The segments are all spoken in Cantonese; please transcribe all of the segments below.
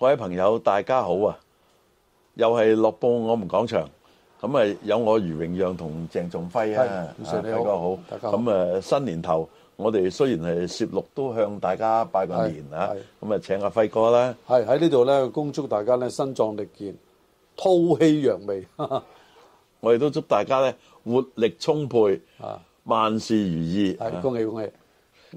各位朋友，大家好啊！又係樂報我們講場咁啊，有我余榮讓同鄭仲輝啊，好好，大家好，咁啊，新年頭我哋雖然係攝錄，都向大家拜個年就啊！咁啊，請阿輝哥啦，係喺呢度咧，恭祝大家咧身壯力健，吐氣揚眉。 我哋都祝大家咧活力充沛，的萬事如意。恭喜恭喜！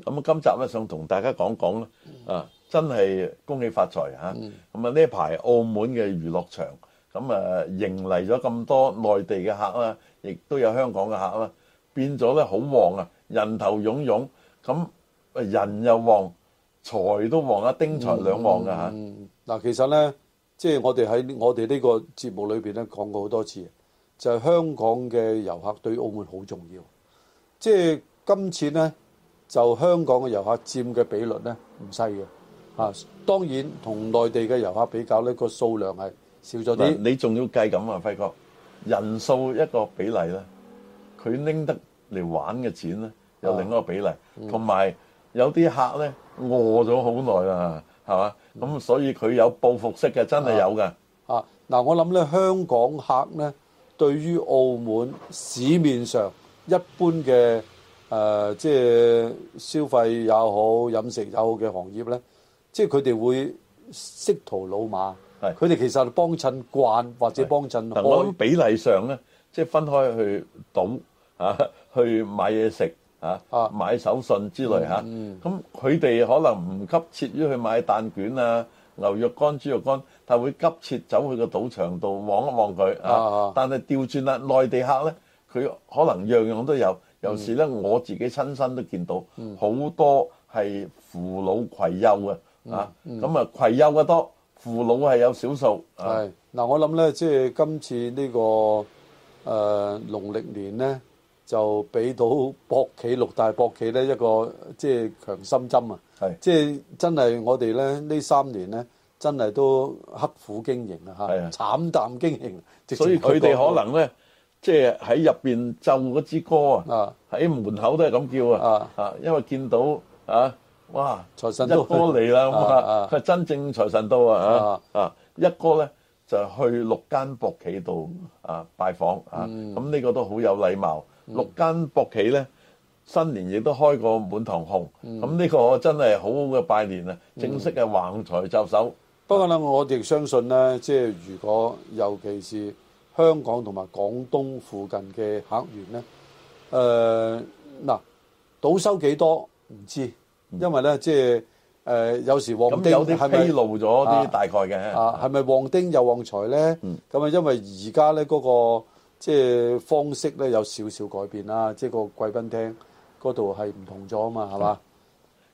咁啊，今集咧想同大家講講啊。真係恭喜發財吓咁啊，呢一排澳門嘅娛樂場咁啊，迎嚟咗咁多內地嘅客啦，亦都有香港嘅客啦，變咗咧好旺啊！人頭湧湧咁，人又旺，財都旺啊，丁財兩旺啊！嗱、嗯，其實呢，即係我哋喺我哋呢個節目裏面咧講過好多次，就係香港嘅遊客對澳門好重要。即係今次呢，就香港嘅遊客佔嘅比率呢，唔細嘅。啊，當然同內地嘅遊客比較呢個數量係少咗啲。你仲要計咁啊，輝哥，人數一個比例咧，佢拎得嚟玩嘅錢咧，有另一個比例，同埋、啊嗯、有啲客咧餓咗好耐啦，係嘛、啊？咁、嗯、所以佢有報復式嘅，真係有㗎、啊。啊，嗱，我諗咧，香港客咧，對於澳門市面上一般嘅、呃、即係消費也好、飲食又好嘅行業咧。即係佢哋會識途老馬，佢哋是其實幫襯慣或者幫襯。我咁比例上咧，即、就、係、是、分開去賭、啊、去買嘢食嚇，啊啊、買手信之類嚇。咁佢哋可能唔急切於去買蛋卷啊、牛肉乾、豬肉乾，但會急切走去個賭場度望一望佢。啊啊、但係調轉啦，內地客咧，佢可能樣樣都有。有時咧，嗯、我自己親身都見到好、嗯、多係扶老攜幼啊。嗱，咁啊攜幼得多，父老係有少數。嗱，我諗咧，即係今次呢、呢個誒、呃、農曆年咧，就俾到博企六大博企咧一個即係強心針啊！是即係真係我哋咧呢三年咧，真係都刻苦經營啊！嚇是，慘淡經營，那個、所以佢哋可能咧，即係喺入邊奏嗰支歌啊，喺是門口都係咁叫啊！啊，因為見到啊。哇！財神都一哥嚟啦，咁啊，佢真正財神到啊！啊，啊一哥咧就去六間博企度啊拜訪啊，咁呢、嗯、個都好有禮貌。嗯、六間博企咧新年亦都開個滿堂紅，咁呢、嗯啊這個真係好好嘅拜年、嗯、啊！正式嘅橫財就手。不過咧，我哋相信咧，即係如果尤其是香港同埋廣東附近嘅客源咧，誒、呃、嗱，賭收幾多唔知。因為咧，即係誒有時旺丁係咪披露咗啲大概嘅。啊，係咪旺丁又旺財咧？咁啊、嗯，因為而家咧嗰個即係、就是、方式咧有少少改變啦，即、就、係、是、個貴賓廳嗰度係唔同咗啊嘛，係嘛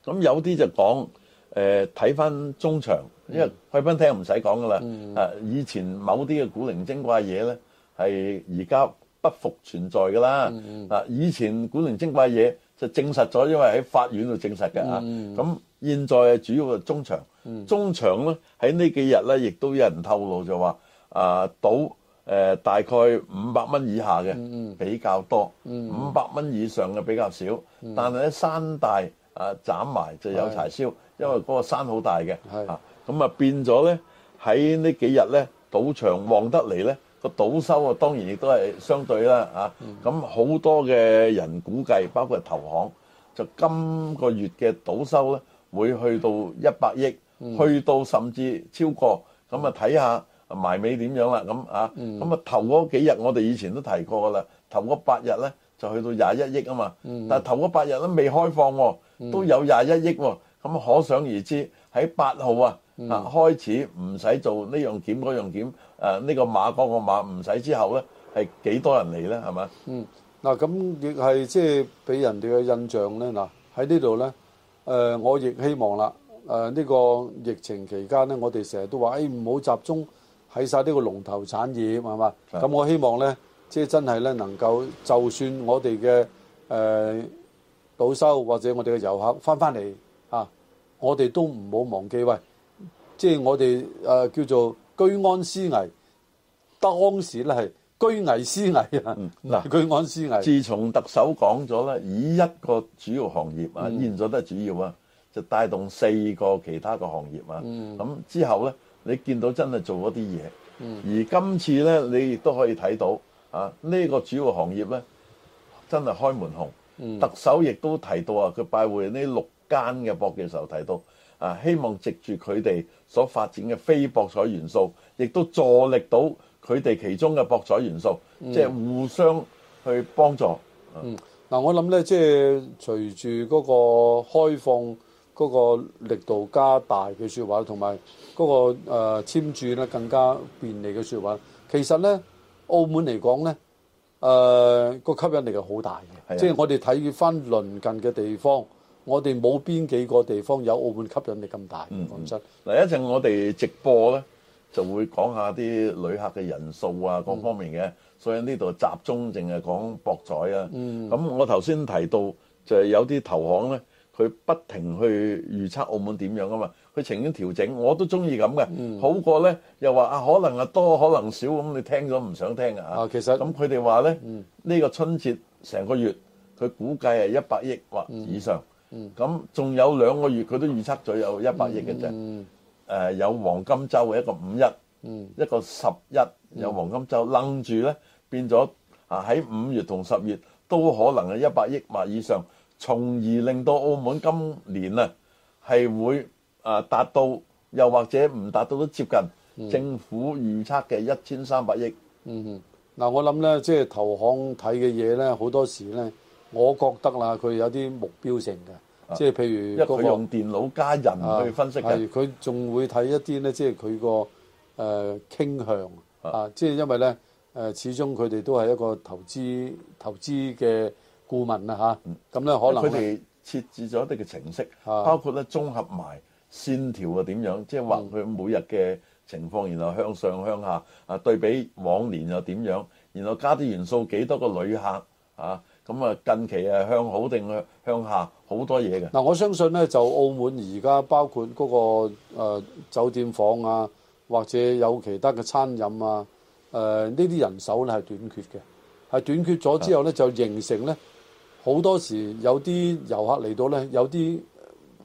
是？咁吧有啲就講誒，睇、呃、翻中場，因為貴賓廳唔使講噶啦。啊、嗯，以前某啲嘅古靈精怪嘢咧，係而家不復存在噶啦。啊、嗯，以前古靈精怪嘢。就證實咗，因為喺法院度證實嘅啊。咁、嗯、現在主要嘅中場，嗯、中場呢喺呢幾日呢，亦都有人透露就話啊，賭誒大概五百蚊以下嘅比較多，五百蚊以上嘅比較少。嗯嗯、但係咧山大啊，斬埋就有柴燒，是的 因為嗰個山好大嘅咁啊是的 變咗呢，喺呢幾日呢，賭場旺得嚟呢。個賭收啊，當然亦都係相對啦，啊，咁好多嘅人估計，包括投行，就今個月嘅賭收呢，會去到一百億，去到甚至超過，咁啊睇下埋尾點樣啦，咁啊，咁啊頭嗰幾日我哋以前都提過噶啦，頭嗰八日呢就去到廿一億啊嘛，但係頭嗰八日都未開放喎、啊，都有廿一億喎，咁可想而知喺八號啊。嗱，嗯、開始唔使做呢樣檢嗰樣檢，呢、啊這個碼嗰、那個碼唔使之後咧，係幾多人嚟咧？係咪？嗯，嗱咁亦係即係俾人哋嘅印象咧。嗱喺呢度咧，誒、呃、我亦希望啦，誒、呃、呢、這個疫情期間咧，我哋成日都話，誒唔好集中喺晒呢個龍頭產業，係嘛？咁是的 我希望咧，即、就、係、是、真係咧，能夠就算我哋嘅誒賭收或者我哋嘅遊客翻翻嚟啊，我哋都唔好忘記喂。即係我哋誒叫做居安思危，當時咧係居危思危啊、嗯！嗱，居安思危。自從特首講咗咧，以一個主要行業啊，嗯、現咗得主要啊，就帶動四個其他個行業啊。咁、嗯、之後咧，你見到真係做嗰啲嘢。嗯、而今次咧，你亦都可以睇到啊，呢、呢個主要行業咧，真係開門紅。嗯、特首亦都提到啊，佢拜會呢六間嘅博嘅時候提到。啊！希望藉住佢哋所發展嘅非博彩元素，亦都助力到佢哋其中嘅博彩元素，即係互相去幫助。嗯，嗱、嗯，我諗咧，即係隨住嗰個開放嗰個力度加大嘅說話，同埋嗰個誒、呃、簽注咧更加便利嘅說話，其實咧澳門嚟講咧，誒、呃嗰個吸引力係好大嘅。即係係啊，我哋睇翻鄰近嘅地方。我哋冇邊幾個地方有澳門吸引力咁大？講真，嗱一陣我哋直播呢就會講下啲旅客嘅人數啊，嗯、各方面嘅。所以呢度集中淨係講博彩啊。咁、嗯、我頭先提到就係、有啲投行呢，佢不停去預測澳門點樣啊嘛。佢情願調整，我都中意咁嘅，嗯、好過呢又話啊可能啊多可能少咁。你聽咗唔想聽啊，啊？其實咁佢哋話呢，呢、嗯、個春節成個月佢估計係一百億或以上。嗯嗯咁仲、嗯、有兩個月，佢都預測咗有一百億嘅啫。有黃金周嘅一個五一，一個十一有黃金周，愣住呢變咗啊！喺五月同十月都可能係一百億或以上，從而令到澳門今年啊係會啊達到，又或者唔達到都接近政府預測嘅一千三百億、嗯。嗱、嗯，我諗呢即係投行睇嘅嘢呢，好多時呢。我覺得啦，佢有啲目標性嘅，即係、啊、譬如、一個，因為佢用電腦加人去分析，例如佢仲會睇一啲咧，即係佢個誒傾向啊，即係、啊就是、因為咧誒、呃，始終佢哋都係一個投資投資嘅顧問啦，嚇咁咧可能佢哋設置咗一啲嘅程式，啊、包括咧綜合埋線條啊點樣，即係話佢每日嘅情況，然後向上向下啊、嗯、對比往年又點樣，然後加啲元素幾多個旅客啊。咁啊，近期啊向好定向下好多嘢嘅。嗱，我相信呢，就澳門而家包括嗰個、誒、酒店房啊，或者有其他嘅餐飲啊，誒呢啲人手呢係短缺嘅，係短缺咗之後呢，就形成呢，好是的 多時有啲遊客嚟到呢，有啲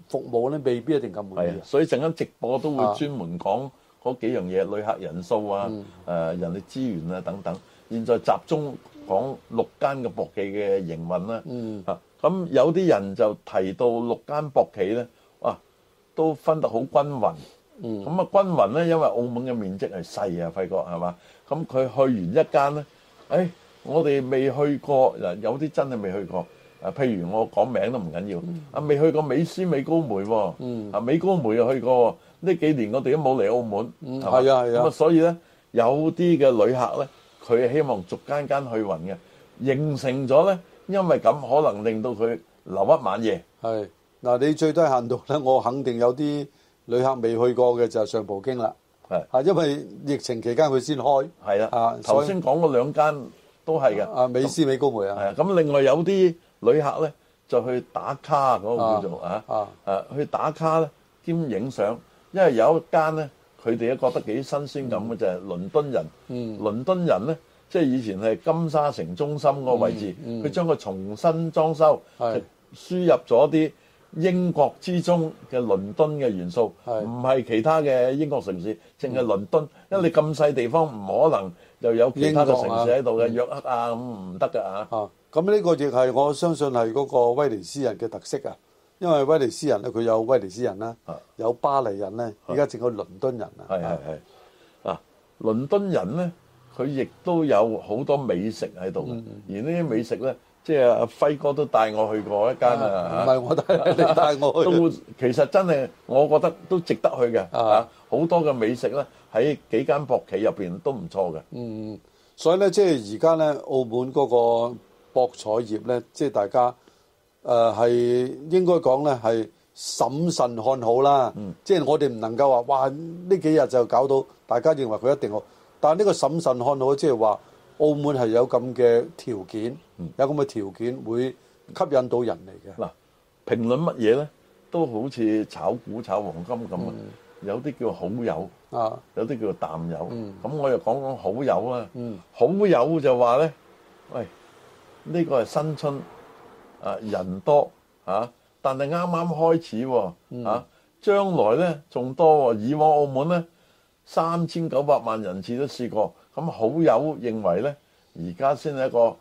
服務呢未必一定咁滿意。所以陣間直播都會專門講嗰是的 幾樣嘢，旅客人數啊、誒、嗯、人力資源啊等等，現在集中。講六間嘅博企嘅營運啦，嚇咁有啲人就提到六間博企咧，哇，都分得好均勻，咁啊均勻咧，因為澳門嘅面積係細啊，輝哥係嘛？咁佢去完一間咧，誒，我哋未去過嗱，有啲真係未去過啊，譬如我講名都唔緊要，啊，未去過美斯美高梅啊、哦嗯、美高梅又去過，呢幾年我哋都冇嚟澳門、嗯係嘛，係啊係啊，咁啊所以咧，有啲嘅旅客咧。佢希望逐間間去揾嘅，形成咗咧，因為咁可能令到佢留一晚夜。係嗱，你最低限度咧，我肯定有啲旅客未去過嘅就係上葡京啦。係啊，因為疫情期間佢先開。係啦啊，頭先講嗰兩間都係嘅。啊，美斯美高梅啊。係啊，咁另外有啲旅客咧就去打卡嗰個叫做啊啊，去打卡咧兼影相，因為有一間咧。佢哋都覺得幾新鮮咁嘅就係倫敦人，嗯，倫敦人呢，即係以前係金沙城中心嗰個位置，嗯，佢、嗯、將佢重新裝修是，輸入咗啲英國之中嘅倫敦嘅元素是，唔係其他嘅英國城市，淨係是倫敦，嗯、因為你咁細地方唔可能又有其他嘅城市喺度嘅，啊、約克啊咁唔得㗎啊！咁呢、啊、個亦係我相信係嗰個威尼斯人嘅特色㗎、啊。因為威尼斯人咧，佢有威尼斯人啦，有巴黎人咧，而家整個倫敦人啊，係係係啊，倫敦人咧，佢亦都有好多美食喺度，而呢啲美食咧，即係阿輝哥都帶我去過一間啊，唔係我帶，你帶我去，都其實真係，我覺得都值得去嘅啊，好多嘅美食咧，喺幾間博企入邊都唔錯嘅，嗯，所以咧，即係而家咧，澳門嗰個博彩業咧，即係大家。誒係、呃、應該講咧係審慎看好啦，即係、嗯、我哋唔能夠話哇呢幾日就搞到大家認為佢一定好，但係呢個審慎看好即係話澳門係有咁嘅條件，有咁嘅條件會吸引到人嚟嘅。嗱、嗯，評論乜嘢咧，都好似炒股炒黃金咁啊，嗯、有啲叫好友，有啲叫做淡友。咁、嗯、我又講講好友啦，好友就話咧，喂、哎，呢個係新春。人多嚇、啊，但係啱啱開始喎嚇，啊嗯、將來咧仲多，以往澳門呢，三千九百萬人次都試過，咁好友認為呢，而家先係一個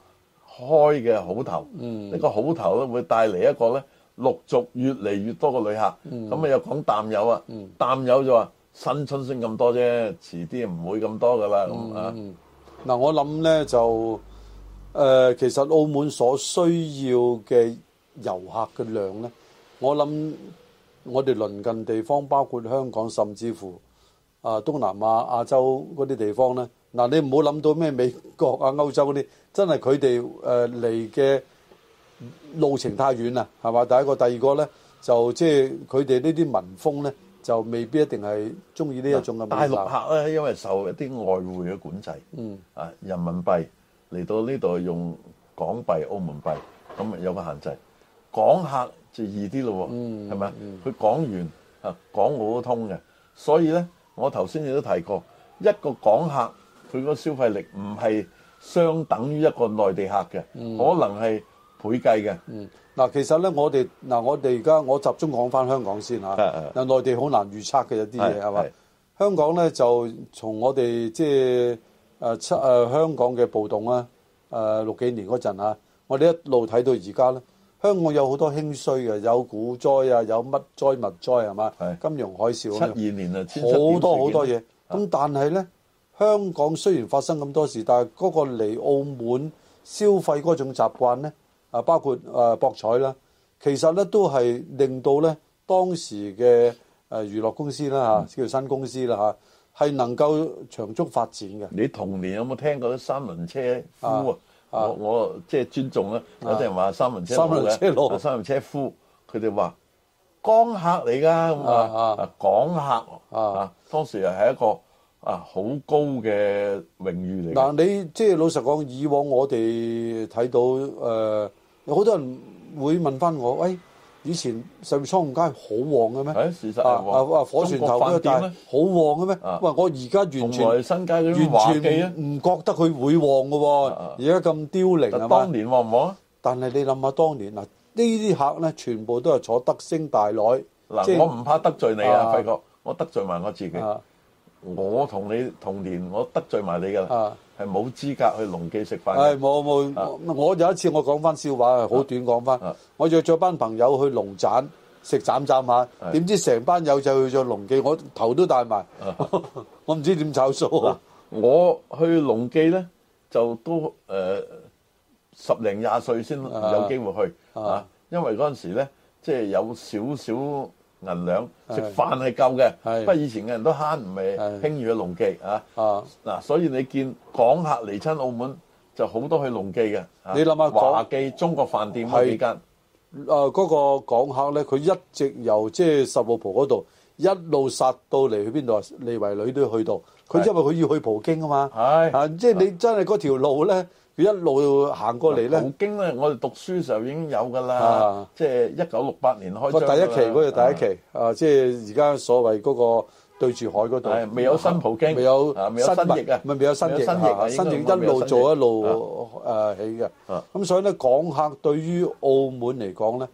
開嘅好頭，呢、嗯、個好頭咧會帶嚟一個呢，陸續越嚟越多嘅旅客。咁啊、嗯、又講淡友啊，淡友就話新春先咁多啫，遲啲唔會咁多噶啦咁啊。嗱、嗯嗯嗯，我諗呢就。誒，其實澳門所需要嘅遊客嘅量咧，我諗我哋鄰近地方，包括香港，甚至乎啊東南亞、亞洲嗰啲地方咧。嗱，你唔好諗到咩美國啊、歐洲嗰啲，真係佢哋誒嚟嘅路程太遠啦，係嘛？第一個，第二個咧，就即係佢哋呢啲民風咧，就未必一定係鍾意呢一種嘅大陸客咧，因為受一啲外匯嘅管制，嗯啊，人民幣。嚟到呢度用港幣、澳門幣，咁有個限制。港客就易啲咯，係咪？佢港元啊，港澳、嗯、都通嘅。所以咧，我頭先亦都提過，一個港客佢個消費力唔係相等於一個內地客嘅，嗯、可能係倍計嘅。嗱、嗯，其實咧，我哋嗱，我哋而家我集中講翻香港先吓。內地好難預測嘅有啲嘢係咪？香港咧就從我哋即係。誒七誒香港嘅暴動啊！誒六幾年嗰陣啊，我哋一路睇到而家咧，香港有好多興衰嘅，有股災啊，有乜災物災係嘛？係金融海嘯，七二年啊，好多好多嘢。咁但係咧，香港雖然發生咁多事，但係嗰個嚟澳門消費嗰種習慣咧，啊包括誒博彩啦，其實咧都係令到咧當時嘅誒娛樂公司啦嚇，叫做新公司啦嚇。係能夠長足發展嘅。你童年有冇聽過三輪車夫啊？啊啊我我即係尊重啦、啊。有啲人話三輪車，三輪車佬，三輪車夫，佢哋話江客嚟㗎咁啊啊！啊啊港客啊，啊啊當時又係一個啊好高嘅榮譽嚟。嗱，你即係老實講，以往我哋睇到誒、呃，有好多人會問翻我，喂、哎。以前上面倉庫街好旺嘅咩？係事實係旺，啊火船頭嗰個店咩？好旺嘅咩？喂，我而家完全完全唔覺得佢會旺嘅喎，而家咁凋零啊嘛。當年旺唔旺？但係你諗下，當年嗱呢啲客咧，全部都係坐德星大內。嗱，即係我唔怕得罪你啊，費哥，我得罪埋我自己。我同你同年，我得罪埋你噶啦，係冇資格去農記食飯嘅。係冇冇，有有是我有一次我講翻笑話，係好短講翻。是我約咗班朋友去農棧食斬斬蟹，點知成班友就去咗農記，我頭都大埋，是 我唔知點找數。我去農記咧，就都誒、呃、十零廿歲先有機會去是啊，因為嗰陣時咧，即、就、係、是、有少少。銀兩食飯係夠嘅，不過以前嘅人都慳唔咪輕易去龍記啊！嗱，所以你見港客嚟親澳門就好多去龍記嘅。你諗下華記中國飯店幾間？誒嗰個港客咧，佢一直由即係十六浦嗰度一路殺到嚟去邊度啊？利維女都要去到，佢因為佢要去葡京啊嘛，啊！即係你真係嗰條路咧。佢一路行過嚟咧，葡京咧，我哋讀書嘅時候已經有㗎啦，即係一九六八年開張啦。個第一期嗰個第一期，啊，即係而家所謂嗰個對住海嗰度，未有新葡京，未有新翼啊，咪未有新翼啊，新翼一路做一路誒起嘅。咁所以咧，港客對於澳門嚟講咧，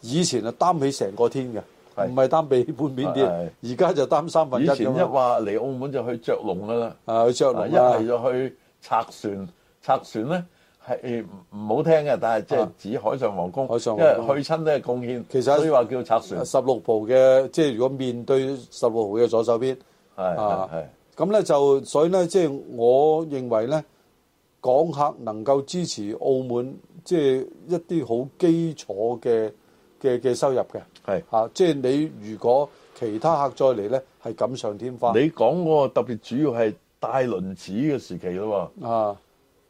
以前係擔起成個天嘅，唔係擔起半邊天，而家就擔三分一咁咯。以前一話嚟澳門就去著龍㗎啦，啊去著龍啊，一係就去拆船。拆船咧係唔好聽嘅，但係即係指海上皇宮、啊、海上皇宮因為去親都係貢獻。其實所以話叫拆船，十六部嘅即係如果面對十六部嘅左手邊，咁咧、啊、就所以咧即係我認為咧，港客能夠支持澳門，即、就、係、是、一啲好基礎嘅嘅嘅收入嘅。即係是、啊就是、你如果其他客再嚟咧，係錦上添花。你講嗰個特別主要係大輪子嘅時期咯喎啊！啊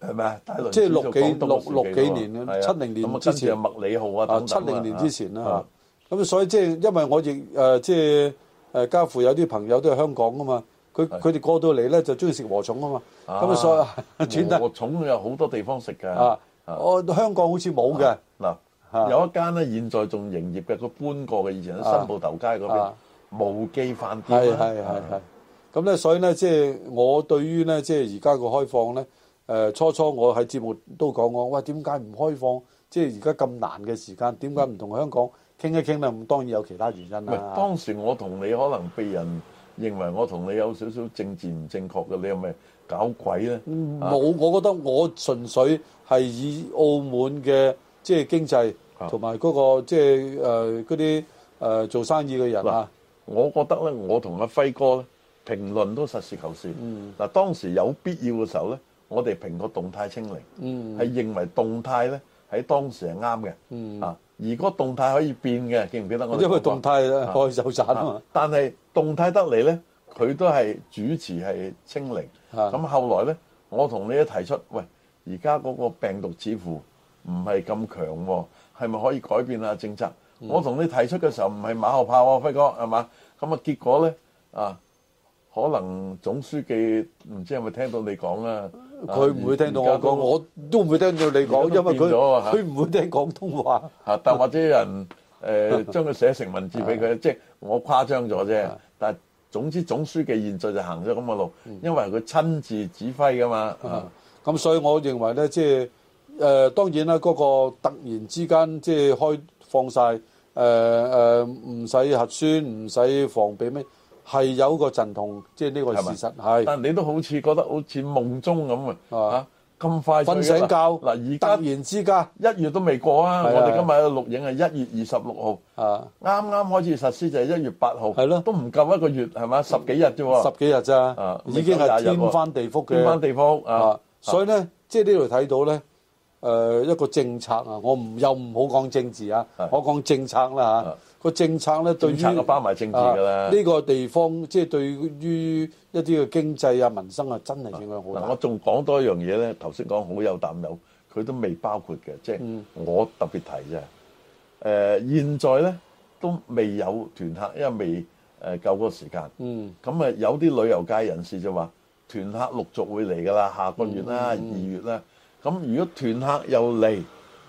係咪啊？即係六幾六六幾年七零年之前麥理浩啊，七零年之前啦。咁所以即係，因為我亦誒，即係誒，家父有啲朋友都係香港啊嘛。佢佢哋過到嚟咧，就中意食禾蟲啊嘛。咁所以轉得禾蟲有好多地方食噶。我香港好似冇嘅嗱，有一間咧，現在仲營業嘅，佢搬過嘅，以前喺新埗頭街嗰邊，無機飯店。係係係。咁咧，所以咧，即係我對於咧，即係而家個開放咧。誒初初我喺節目都講我，喂點解唔開放？即係而家咁難嘅時間，點解唔同香港傾一傾咧？咁當然有其他原因啦。當時當時我同你可能被人認為我同你有少少政治唔正確嘅，你係咪搞鬼咧？冇，我覺得我純粹係以澳門嘅即係經濟同埋嗰個即係嗰啲誒做生意嘅人啊、嗯，嗯、我覺得咧，我同阿輝哥評論都實事求是。嗱，當時有必要嘅時候咧。我哋評個動態清零，係認為動態咧喺當時係啱嘅，嗯嗯嗯啊，如果動態可以變嘅，記唔記得我？因為動態嘛啊，開手掣啊。但係動態得嚟咧，佢都係主持係清零。咁是的、啊、後來咧，我同你一提出，喂，而家嗰個病毒似乎唔係咁強喎、啊，係咪可以改變啊政策？我同你提出嘅時候唔係馬後炮喎、啊，輝哥係嘛？咁啊結果咧啊，可能總書記唔知係咪聽到你講啊？佢唔會聽到我講，都我都唔會聽到你講，因為佢佢唔會聽廣東話。嚇！但或者人誒將佢寫成文字俾佢，即係 我誇張咗啫。 但總之總書記現在就行咗咁嘅路，因為佢親自指揮㗎嘛。嚇！咁所以我認為咧，即係誒當然啦，嗰、那個突然之間即係、就是、開放晒，誒誒唔使核酸，唔使防備咩。係有個陣痛，即係呢個事實係。但你都好似覺得好似夢中咁啊！啊咁快瞓醒覺嗱，而家突然之間一月都未過啊！我哋今日錄影係一月二十六號啊，啱啱開始實施就係一月八號，係咯，都唔夠一個月係嘛？十幾日啫喎，十幾日咋？已經係天翻地覆嘅，天翻地覆啊！所以咧，即係呢度睇到咧。誒、呃、一個政策啊，我唔又唔好講政治啊，是我講政策啦、啊、嚇。個是、啊、政策咧對於政策包埋政治啊呢、這個地方，即、就、係、是、對於一啲嘅經濟啊、民生啊，真係應該好。嗱、啊，我仲講多一樣嘢咧，頭先講好有膽有，佢都未包括嘅，即、就、係、是、我特別提啫。誒、嗯呃，現在咧都未有團客，因為未誒、呃、夠個時間。嗯。咁啊，有啲旅遊界人士就話，團客陸續會嚟噶啦，下個月啦，嗯嗯、二月啦。咁如果團客又嚟，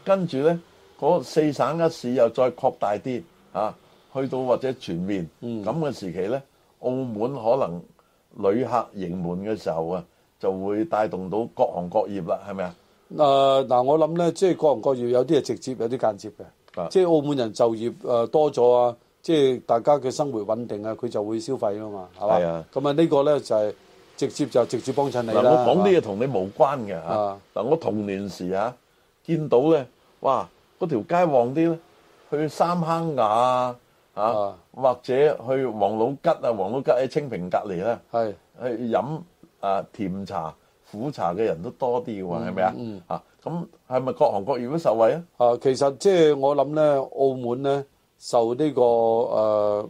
跟住呢，嗰四省一市又再擴大啲，嚇、啊、去到或者全面，咁嘅、嗯、時期呢，澳門可能旅客盈滿嘅時候啊，就會帶動到各行各業啦，係咪啊？嗱、呃，我諗呢，即、就、係、是、各行各業有啲係直接，有啲間接嘅，即係是、啊、澳門人就業誒多咗啊，即、就、係、是、大家嘅生活穩定啊，佢就會消費啦嘛，係嘛是、啊？咁啊呢個呢，就係、是。直接就直接幫襯你我講啲嘢同你冇關嘅嚇、啊。嗱、啊，我童年時啊，見到咧，哇，嗰條街旺啲咧，去三坑雅啊，啊或者去王老吉啊，王老吉喺清平隔離呢，係去飲啊甜茶、苦茶嘅人都多啲嘅喎，係咪啊？咁係咪各行各業都受惠啊？啊，其實即係我諗咧，澳門咧受呢、這個誒、呃、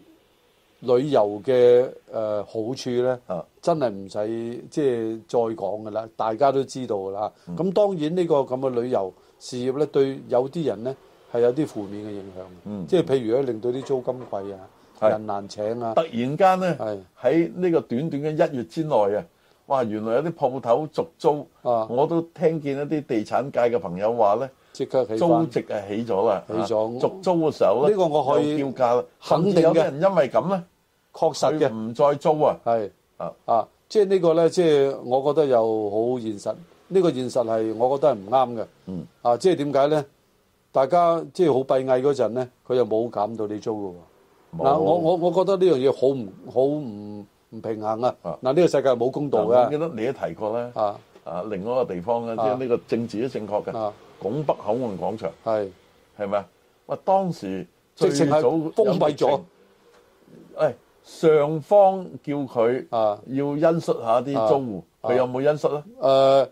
旅遊嘅誒、呃、好處咧。真係唔使即係再講㗎啦，大家都知道嘅啦。咁當然呢個咁嘅旅遊事業呢，對有啲人呢係有啲負面嘅影響。即係譬如令到啲租金貴啊，人難請啊。突然間呢，喺呢個短短嘅一月之內啊，哇！原來有啲鋪頭續租，我都聽見一啲地產界嘅朋友話呢，即刻起租值係起咗啦，起咗續租嘅時候呢。呢個我可以調價。肯定有人因為咁呢確實嘅唔再租啊。係。啊！啊！即、就、係、是、呢個咧，即、就、係、是、我覺得又好現實。呢、這個現實係我覺得係唔啱嘅。嗯。啊！即係點解咧？大家即係好閉翳嗰陣咧，佢又冇減到你租嘅。嗱沒、啊，我我我覺得呢樣嘢好唔好唔唔平衡啊！嗱、啊，呢、啊這個世界冇公道嘅、啊。記得你都提過啦。啊。啊，另外一個地方嘅，即係呢個政治都正確嘅。啊啊、拱北口岸廣場。係是。係咪啊？喂，當時。即係最早封閉咗。誒、哎。上方叫佢要恩恤下啲租戶，佢有冇恩恤咧？誒，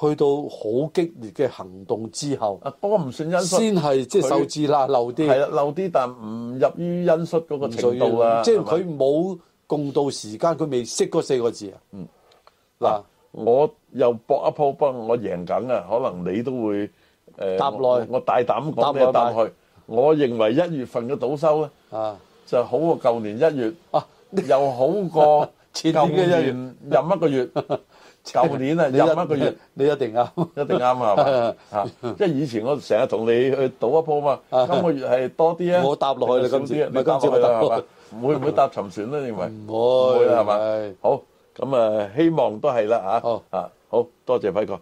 去到好激烈嘅行動之後，不過唔算恩恤，先係即係受字啦，漏啲係啊，漏啲，但唔入於恩恤嗰個程度啊，即係佢冇共度時間，佢未識嗰四個字啊。嗯，嗱，我又搏一波崩，我贏緊啊，可能你都會誒搭耐我大膽講咩搭去，我認為一月份嘅賭收咧啊。就好過舊年一月，又好過前年一月。任一個月。舊年啊，任一個月你一定啱，一定啱係嘛？嚇！即係以前我成日同你去賭一鋪嘛，今個月係多啲啊！我搭落去咁啲。今次咪今次咪搭係嘛？唔會唔會搭沉船啦？認為唔會，唔會係嘛？好咁啊！希望都係啦嚇啊！好多謝輝哥。